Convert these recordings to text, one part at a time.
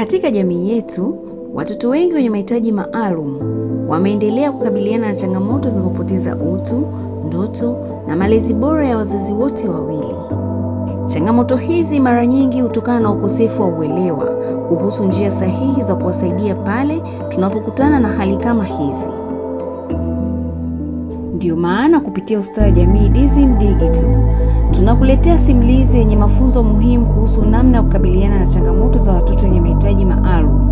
Katika jamii yetu, watoto wengi wenye mahitaji maalum wameendelea kukabiliana na changamoto za kupoteza utu, ndoto na malezi bora ya wazazi wote wawili. Changamoto hizi mara nyingi hutokana na ukosefu wa uelewa kuhusu njia sahihi za kuwasaidia pale tunapokutana na hali kama hizi. Ndiyo maana kupitia ustawi wa jamii DSM Digital tunakuletea simulizi yenye mafunzo muhimu kuhusu namna ya kukabiliana na changamoto za watoto wenye mahitaji maalum,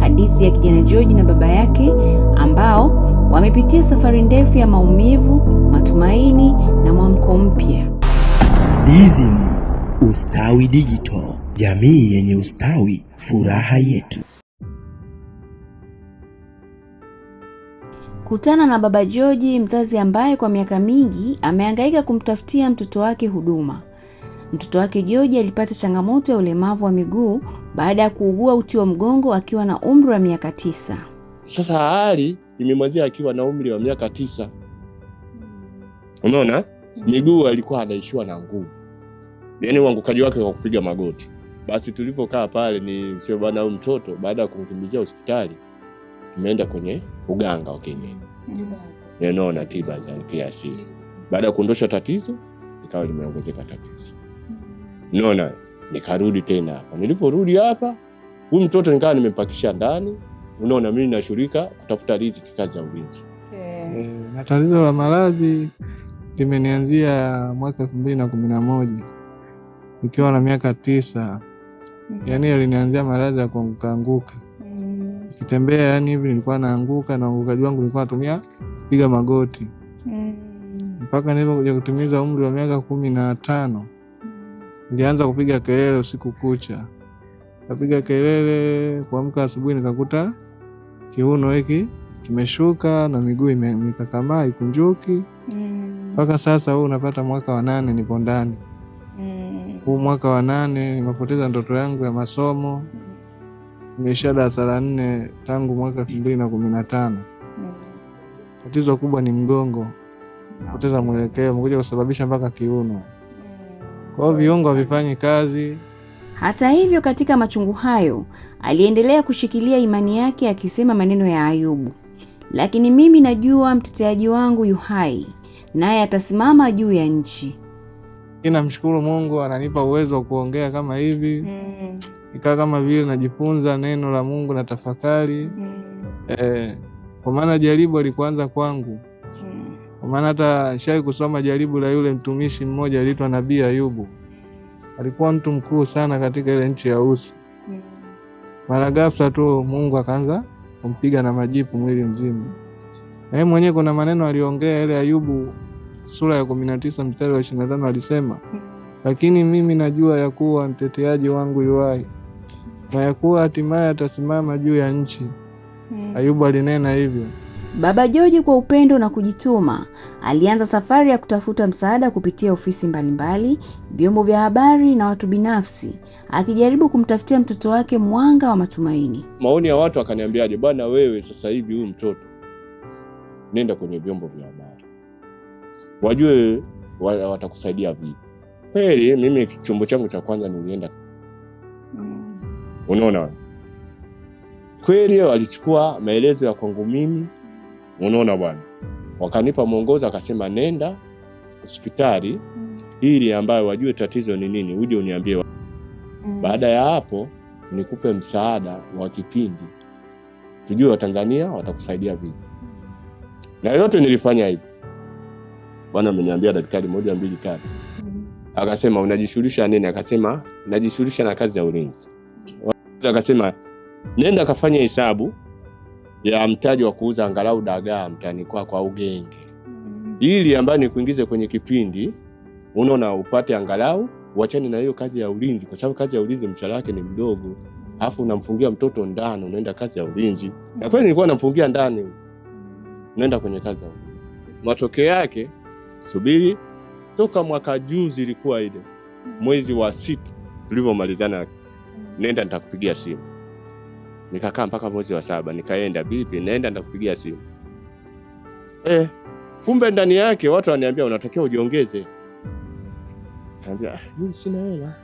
hadithi ya kijana George na baba yake ambao wamepitia safari ndefu ya maumivu, matumaini na mwamko mpya. DSM Ustawi Digital, jamii yenye ustawi, furaha yetu. Kutana na Baba George, mzazi ambaye kwa miaka mingi amehangaika kumtafutia mtoto wake huduma. Mtoto wake George alipata changamoto ya ulemavu wa miguu baada ya kuugua uti wa mgongo akiwa na umri wa miaka tisa. Sasa hali imemwazia akiwa na umri wa miaka tisa, unaona miguu alikuwa anaishiwa na nguvu, yaani uangukaji wake kwa kupiga magoti. Basi tulivyokaa pale, ni sio bwana, huyu mtoto baada ya kumkimbizia hospitali Nimeenda kwenye uganga wa kienyeji, neno na tiba za kiasili. Baada ya kuondosha tatizo, ikawa limeongezeka tatizo, naona nikarudi tena hapa. Niliporudi hapa, huyu mtoto nikawa nimempakisha ndani. Unaona, mimi nashughulika kutafuta riziki, kazi ya ulinzi okay. E, na tatizo la maradhi limenianzia mwaka elfu mbili na kumi na moja nikiwa na miaka tisa, mm. yaani linianzia maradhi ya kuangukaanguka nikitembea yani hivi nilikuwa naanguka na uangukaji wangu nilikuwa natumia piga magoti mm. mpaka mm. nilipokuja kutimiza umri wa miaka kumi na tano nilianza kupiga kelele usiku kucha, kapiga kelele. Kuamka asubuhi nikakuta kiuno hiki kimeshuka na miguu imekakamaa ikunjuki mm. mpaka mm. sasa. Huu unapata mwaka wa nane nipo ndani mm. huu mwaka wa nane nimepoteza ndoto yangu ya masomo nimeishia darasa la nne tangu mwaka elfu mbili na kumi na tano. Tatizo kubwa ni mgongo poteza mwelekeo, mekuja kusababisha mpaka kiuno. Kwa hiyo viungo havifanyi kazi. Hata hivyo, katika machungu hayo aliendelea kushikilia imani yake, akisema maneno ya Ayubu, lakini mimi najua mteteaji wangu yu hai, naye atasimama juu ya nchi. inamshukuru Mungu ananipa uwezo wa kuongea kama hivi mm ikawa kama vile najifunza neno la Mungu na tafakari mm. Eh, kwa maana jaribu alikuanza kwangu mm. Kwa maana hata shai kusoma jaribu la yule mtumishi mmoja aliitwa Nabii Ayubu, alikuwa mtu mkuu sana katika ile nchi ya Usi mm. Mara ghafla tu Mungu akaanza kumpiga na majipu mwili mzima. Naye mwenyewe kuna maneno aliongea ile Ayubu sura ya kumi na tisa mstari wa ishirini na tano alisema mm. Lakini mimi najua ya kuwa mteteaji wangu yuwai na ya kuwa hatimaye atasimama juu ya nchi. Hmm. Ayubu alinena hivyo. Baba George kwa upendo na kujituma alianza safari ya kutafuta msaada kupitia ofisi mbalimbali, vyombo vya habari na watu binafsi, akijaribu kumtafutia mtoto wake mwanga wa matumaini. Maoni ya watu akaniambiaje, bwana wewe, sasa hivi huyu mtoto nenda kwenye vyombo vya habari, wajue watakusaidia vipi. Kweli mimi chombo changu cha kwanza nilienda Unaona kweli, walichukua maelezo ya kwangu mimi, unaona bwana, wakanipa mwongozo, akasema nenda hospitali ili ambayo wajue tatizo ni nini, uje uniambie. Mm. Baada ya hapo nikupe msaada wa kipindi, tujue Watanzania watakusaidia vipi. Na yote nilifanya hivyo. Bwana ameniambia daktari moja mbili tatu, mm. akasema unajishughulisha nini? Akasema najishughulisha na kazi ya ulinzi akasema nenda kafanya hesabu ya mtaji wa kuuza angalau dagaa mtani kwako au genge, ili ambayo nikuingize kwenye kipindi, unaona, upate angalau uachane na hiyo kazi ya ulinzi, kwa sababu kazi ya ulinzi mshahara wake ni mdogo, alafu unamfungia mtoto ndani, unaenda kazi ya ulinzi. Na kweli nilikuwa namfungia ndani, unaenda kwenye kazi ya ulinzi. Matokeo yake subiri, toka mwaka juzi ilikuwa ile mwezi wa sita tulivyomalizana nenda nitakupigia simu. Nikakaa mpaka mwezi wa saba, nikaenda, bibi, nenda nitakupigia simu. Eh, kumbe ndani yake watu wananiambia unatakiwa ujiongeze. Kaambia ah, mimi sina hela.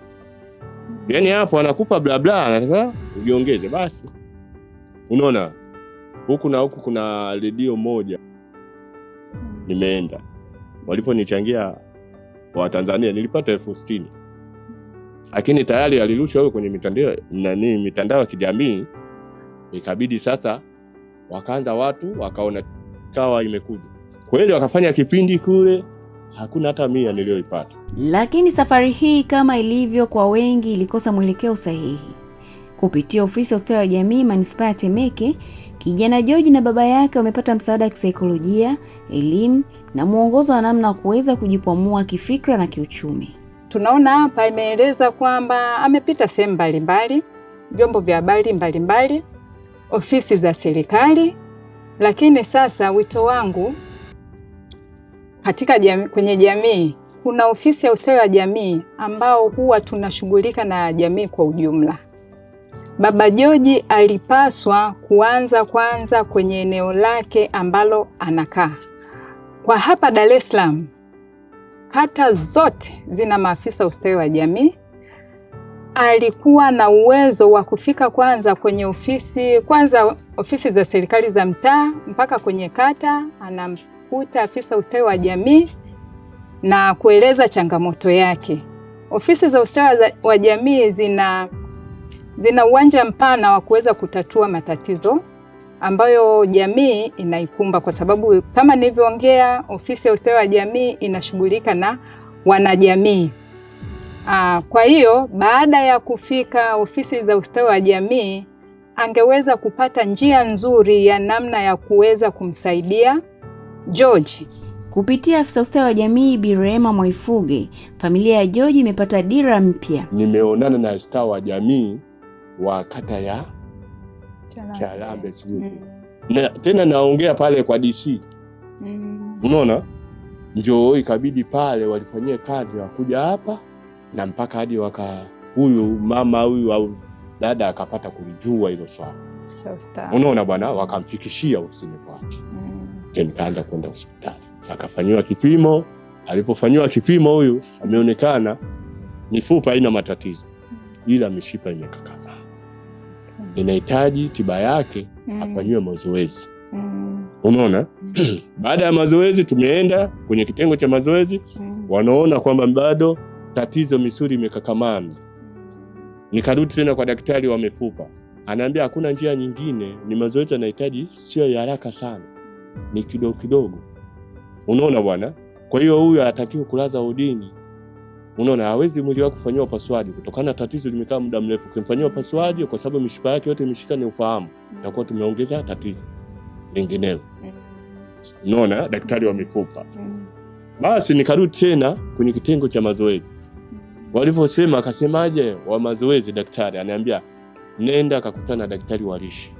Yaani hapo anakupa bla bla, anataka ujiongeze basi. Unaona? Huku na huku kuna redio moja nimeenda, waliponichangia wa Tanzania nilipata elfu sitini lakini tayari alirushwa huyo kwenye mitandao nani, mitandao ya kijamii. Ikabidi sasa wakaanza watu wakaona kawa imekuja kweli, wakafanya kipindi kule, hakuna hata mia niliyoipata. Lakini safari hii kama ilivyo kwa wengi, ilikosa mwelekeo sahihi. Kupitia ofisi ya ustawi wa jamii manispaa ya Temeke, kijana George na baba yake wamepata msaada wa kisaikolojia, elimu na mwongozo wa namna wa kuweza kujikwamua kifikra na kiuchumi. Tunaona hapa imeeleza kwamba amepita sehemu mbalimbali, vyombo vya habari mbalimbali, ofisi za serikali. Lakini sasa wito wangu katika jami, kwenye jamii kuna ofisi ya ustawi wa jamii ambao huwa tunashughulika na jamii kwa ujumla. Baba Joji alipaswa kuanza kwanza kwenye eneo lake ambalo anakaa kwa hapa Dar es Salaam Kata zote zina maafisa ustawi wa jamii. Alikuwa na uwezo wa kufika kwanza kwenye ofisi kwanza ofisi za serikali za mtaa mpaka kwenye kata, anamkuta afisa ustawi wa jamii na kueleza changamoto yake. Ofisi za ustawi wa jamii zina zina uwanja mpana wa kuweza kutatua matatizo ambayo jamii inaikumba, kwa sababu kama nilivyoongea, ofisi ya ustawi wa jamii inashughulika na wanajamii. Aa, ah, kwa hiyo baada ya kufika ofisi za ustawi wa jamii angeweza kupata njia nzuri ya namna ya kuweza kumsaidia George. Kupitia afisa ustawi wa jamii Bi Rehema Mwaifuge, familia ya George imepata dira mpya. Nimeonana na ustawi wa jamii wa kata ya Charambe mm. sijui mm. na, tena naongea pale kwa DC mm. unaona njoo, ikabidi pale walifanyia kazi wakuja hapa na mpaka hadi waka huyu mama huyu au dada akapata kulijua hilo swala so, unaona bwana, wakamfikishia ofisini kwake mm. nikaanza kwenda hospitali akafanyiwa kipimo. Alipofanyiwa kipimo, huyu ameonekana mifupa haina matatizo, mm. ila mishipa imekaka inahitaji tiba yake mm. afanyiwe mazoezi mm. unaona mm. baada ya mazoezi tumeenda kwenye kitengo cha mazoezi mm. wanaona kwamba bado tatizo, misuri imekakamana. Nikarudi tena kwa daktari wa mifupa, anaambia hakuna njia nyingine, ni mazoezi anahitaji sio ya haraka sana, ni kidogo kidogo. Unaona bwana, kwa hiyo huyu anatakiwa kulaza udini Unaona, hawezi mwili wako kufanyiwa upasuaji kutokana na tatizo limekaa muda mrefu. Ukimfanyia upasuaji, kwa sababu mishipa yake yote imeshika ni ufahamu, itakuwa tumeongeza tatizo linginelo. Unaona, daktari wa mifupa. Basi nikarudi tena kwenye kitengo cha mazoezi, walivyosema akasemaje, wa mazoezi, daktari anaambia nenda akakutana na daktari wa lishe.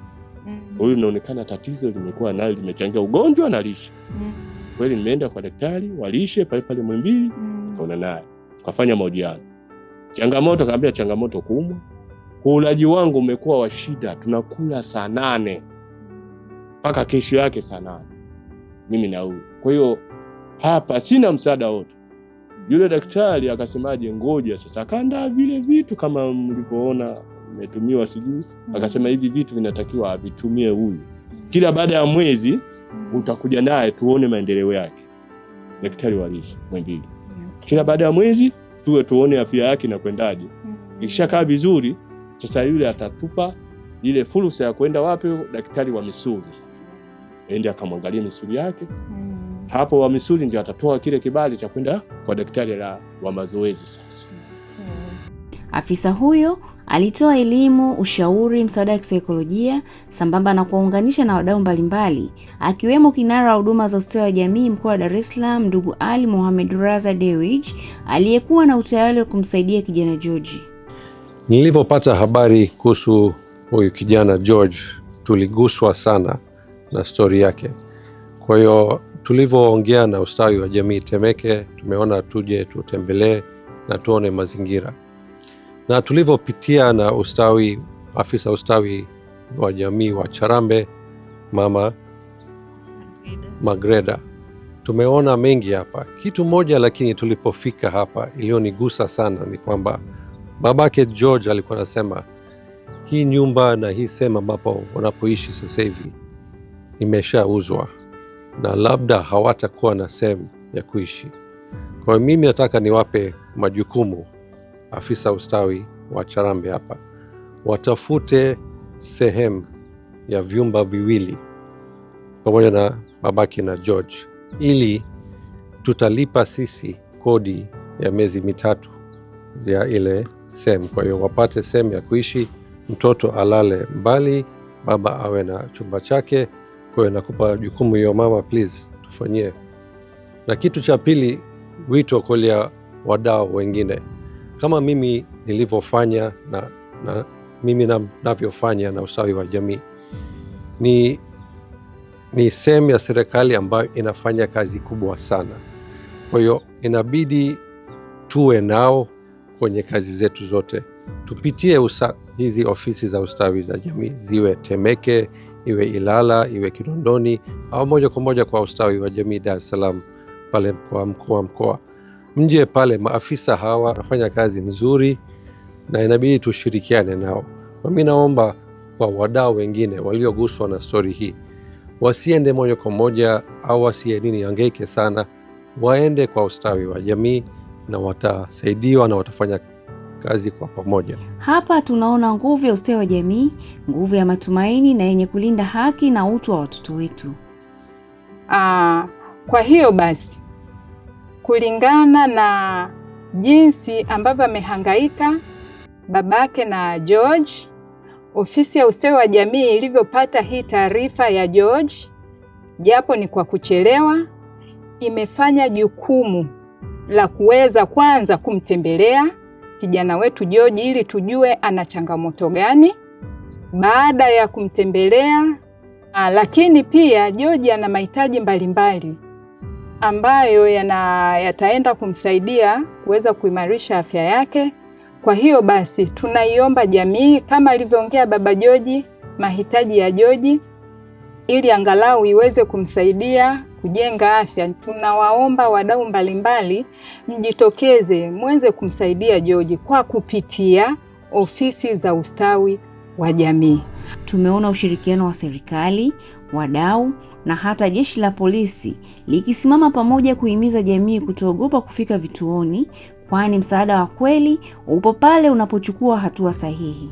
Huyu inaonekana tatizo limekuwa nayo limechangia ugonjwa na lishe. Mm. Kweli nimeenda kwa daktari wa lishe pale pale Mwimbili, mm. nikaona naye Kafanya mahojiano. Changamoto, kaambia changamoto kuumwa. Ulaji wangu umekuwa wa shida, tunakula saa nane mpaka kesho yake saa nane mimi na huyu. Kwa hiyo hapa sina msaada wote. Yule daktari akasemaje, ngoja sasa, akaandaa vile vitu kama mlivyoona umetumiwa sijui, akasema hivi vitu vinatakiwa avitumie huyu, kila baada ya mwezi utakuja naye tuone maendeleo yake. Daktari wa lishe Mwembili kila baada ya mwezi tuwe tuone afya yake inakwendaje. Mm-hmm. Ikishakaa vizuri, sasa yule atatupa ile fursa ya kwenda wapi? Daktari wa misuli sasa ende akamwangalia misuli yake mm-hmm. hapo. Wa misuli ndio atatoa kile kibali cha kwenda kwa daktari la wa mazoezi sasa Afisa huyo alitoa elimu, ushauri, msaada wa kisaikolojia sambamba na kuwaunganisha na wadau mbalimbali akiwemo kinara wa huduma za ustawi wa jamii mkoa wa Dar es Salaam ndugu Ali Mohamed Raza Dewij aliyekuwa na utayari wa kumsaidia kijana George. Nilivyopata habari kuhusu huyu kijana George, tuliguswa sana na stori yake. Kwa hiyo tulivyoongea na ustawi wa jamii Temeke, tumeona tuje tutembelee na tuone mazingira na tulivyopitia na ustawi, afisa ustawi wa jamii wa Charambe Mama Magreda, tumeona mengi hapa. Kitu moja lakini tulipofika hapa iliyonigusa sana ni kwamba babake George alikuwa anasema hii nyumba na hii sehemu ambapo wanapoishi sasahivi imeshauzwa na labda hawatakuwa na sehemu ya kuishi. Kwa hiyo mimi nataka niwape majukumu afisa ustawi wa Charambe hapa, watafute sehemu ya vyumba viwili pamoja na babake na George, ili tutalipa sisi kodi ya miezi mitatu ya ile sehemu. Kwa hiyo wapate sehemu ya kuishi, mtoto alale mbali, baba awe na chumba chake. Kwa hiyo nakupa jukumu hiyo mama, please tufanyie. Na kitu cha pili, wito kolia wadau wengine kama mimi nilivyofanya na, na mimi navyofanya na, na ustawi wa jamii ni, ni sehemu ya serikali ambayo inafanya kazi kubwa sana. Kwa hiyo inabidi tuwe nao kwenye kazi zetu zote, tupitie usa, hizi ofisi za ustawi za jamii ziwe Temeke, iwe Ilala, iwe Kinondoni au moja kwa moja kwa ustawi wa jamii Dar es Salaam pale kwa mkuu wa mkoa mje pale. Maafisa hawa wanafanya kazi nzuri na inabidi tushirikiane nao. mi naomba kwa wadau wengine walioguswa na stori hii wasiende moja kwa moja au wasienini angeike sana, waende kwa ustawi wa jamii na watasaidiwa na watafanya kazi kwa pamoja. Hapa tunaona nguvu ya ustawi wa jamii, nguvu ya matumaini na yenye kulinda haki na utu wa watoto wetu. Ah, kwa hiyo basi kulingana na jinsi ambavyo amehangaika babake na George, ofisi ya ustawi wa jamii ilivyopata hii taarifa ya George, japo ni kwa kuchelewa, imefanya jukumu la kuweza kwanza kumtembelea kijana wetu George ili tujue ana changamoto gani. Baada ya kumtembelea, lakini pia George ana mahitaji mbalimbali ambayo yana, yataenda kumsaidia kuweza kuimarisha afya yake. Kwa hiyo basi tunaiomba jamii kama alivyoongea Baba Joji, mahitaji ya Joji ili angalau iweze kumsaidia kujenga afya. Tunawaomba wadau mbalimbali mjitokeze, mwenze kumsaidia Joji kwa kupitia ofisi za ustawi wa jamii. Tumeona ushirikiano wa serikali, wadau na hata jeshi la polisi likisimama pamoja kuhimiza jamii kutoogopa kufika vituoni, kwani msaada wa kweli upo pale unapochukua hatua sahihi.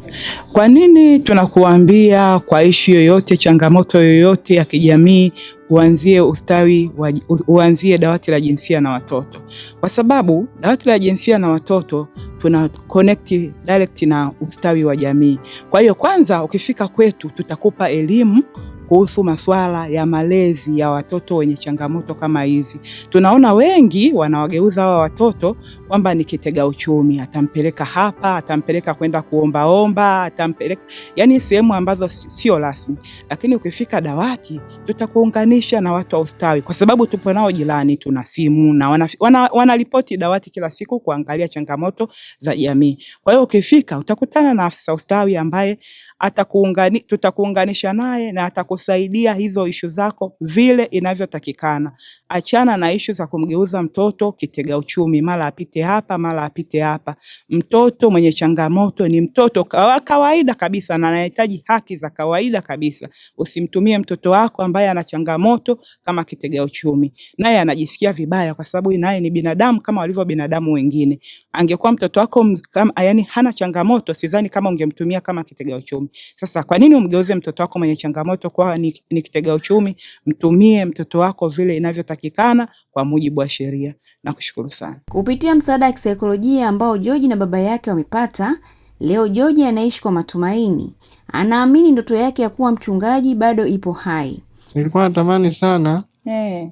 Kwa nini tunakuambia kwa ishu yoyote, changamoto yoyote ya kijamii, uanzie ustawi wa, uanzie dawati la jinsia na watoto, kwa sababu dawati la jinsia na watoto tuna connect direct na ustawi wa jamii. Kwa hiyo kwanza, ukifika kwetu tutakupa elimu kuhusu masuala ya malezi ya watoto wenye changamoto kama hizi. Tunaona wengi wanawageuza hawa watoto kwamba ni kitega uchumi, atampeleka hapa, atampeleka kwenda kuombaomba, atampeleka yani sehemu ambazo sio rasmi, lakini ukifika dawati tutakuunganisha na watu wa ustawi, kwa sababu tupo nao jirani, tuna simu na wanaripoti wana, wana dawati kila siku kuangalia changamoto za jamii. Kwa hiyo ukifika utakutana na afisa ustawi ambaye atakuunganisha, tutakuunganisha naye na ataku kusaidia hizo ishu zako vile inavyotakikana. Achana na ishu za kumgeuza mtoto kitega uchumi, mara apite hapa, mara apite hapa. Mtoto mwenye changamoto ni mtoto wa kawaida kabisa na anahitaji haki za kawaida kabisa. Usimtumie mtoto wako ambaye ana changamoto kama kitega uchumi, naye anajisikia vibaya, kwa sababu naye ni binadamu kama walivyo binadamu wengine. Angekuwa mtoto wako kama, yani hana changamoto, sidhani kama ungemtumia kama kitega uchumi. Sasa kwa nini umgeuze mtoto wako mwenye changamoto kwa ni, ni kitega uchumi? Mtumie mtoto wako vile inavyo inayotakikana kwa mujibu wa sheria. kushukuru sana. Kupitia msaada wa kisaikolojia ambao George na baba yake wamepata, leo George anaishi kwa matumaini, anaamini ndoto yake ya kuwa mchungaji bado ipo hai. Nilikuwa natamani sana hey, eh.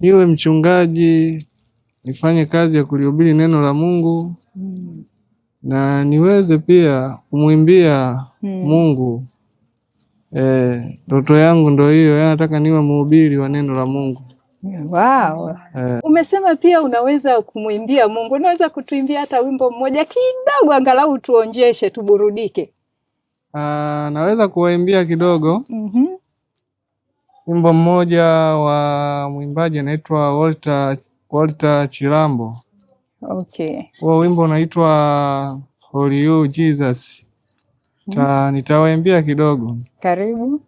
niwe mchungaji, nifanye kazi ya kulihubiri neno la Mungu hmm, na niweze pia kumwimbia hmm, Mungu eh, ndoto e, yangu ndo hiyo, anataka niwe mhubiri wa neno la Mungu. Wow. Uh, umesema pia unaweza kumwimbia Mungu. Unaweza kutuimbia hata wimbo mmoja kidogo, angalau tuonjeshe, tuburudike? Uh, naweza kuwaimbia kidogo mm -hmm. Wimbo mmoja wa mwimbaji anaitwa Walter, Walter Chilambo. Okay. Huo wimbo unaitwa Holy You Jesus. Mhm. Ta, nitawaimbia kidogo. Karibu.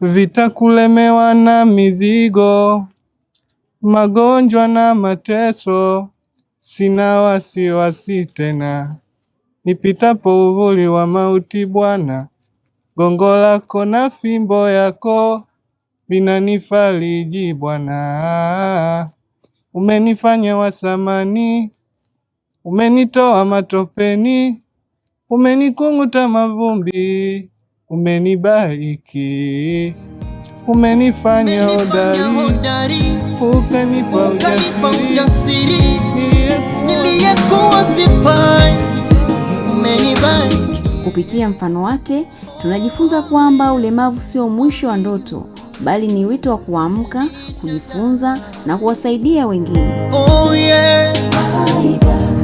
Vitakulemewa na mizigo magonjwa na mateso, sina wasiwasi tena. Nipitapo uvuli wa mauti, Bwana, gongo lako na fimbo yako vinanifariji Bwana. Umenifanya wasamani, umenitoa matopeni, umenikunguta mavumbi, umenibariki umenifanya hodari, ukanipa ujasiri niliyekuwa sifai, Kupitia mfano wake tunajifunza kwamba ulemavu sio mwisho wa ndoto, bali ni wito wa kuamka, kujifunza na kuwasaidia wengine. Oh yeah.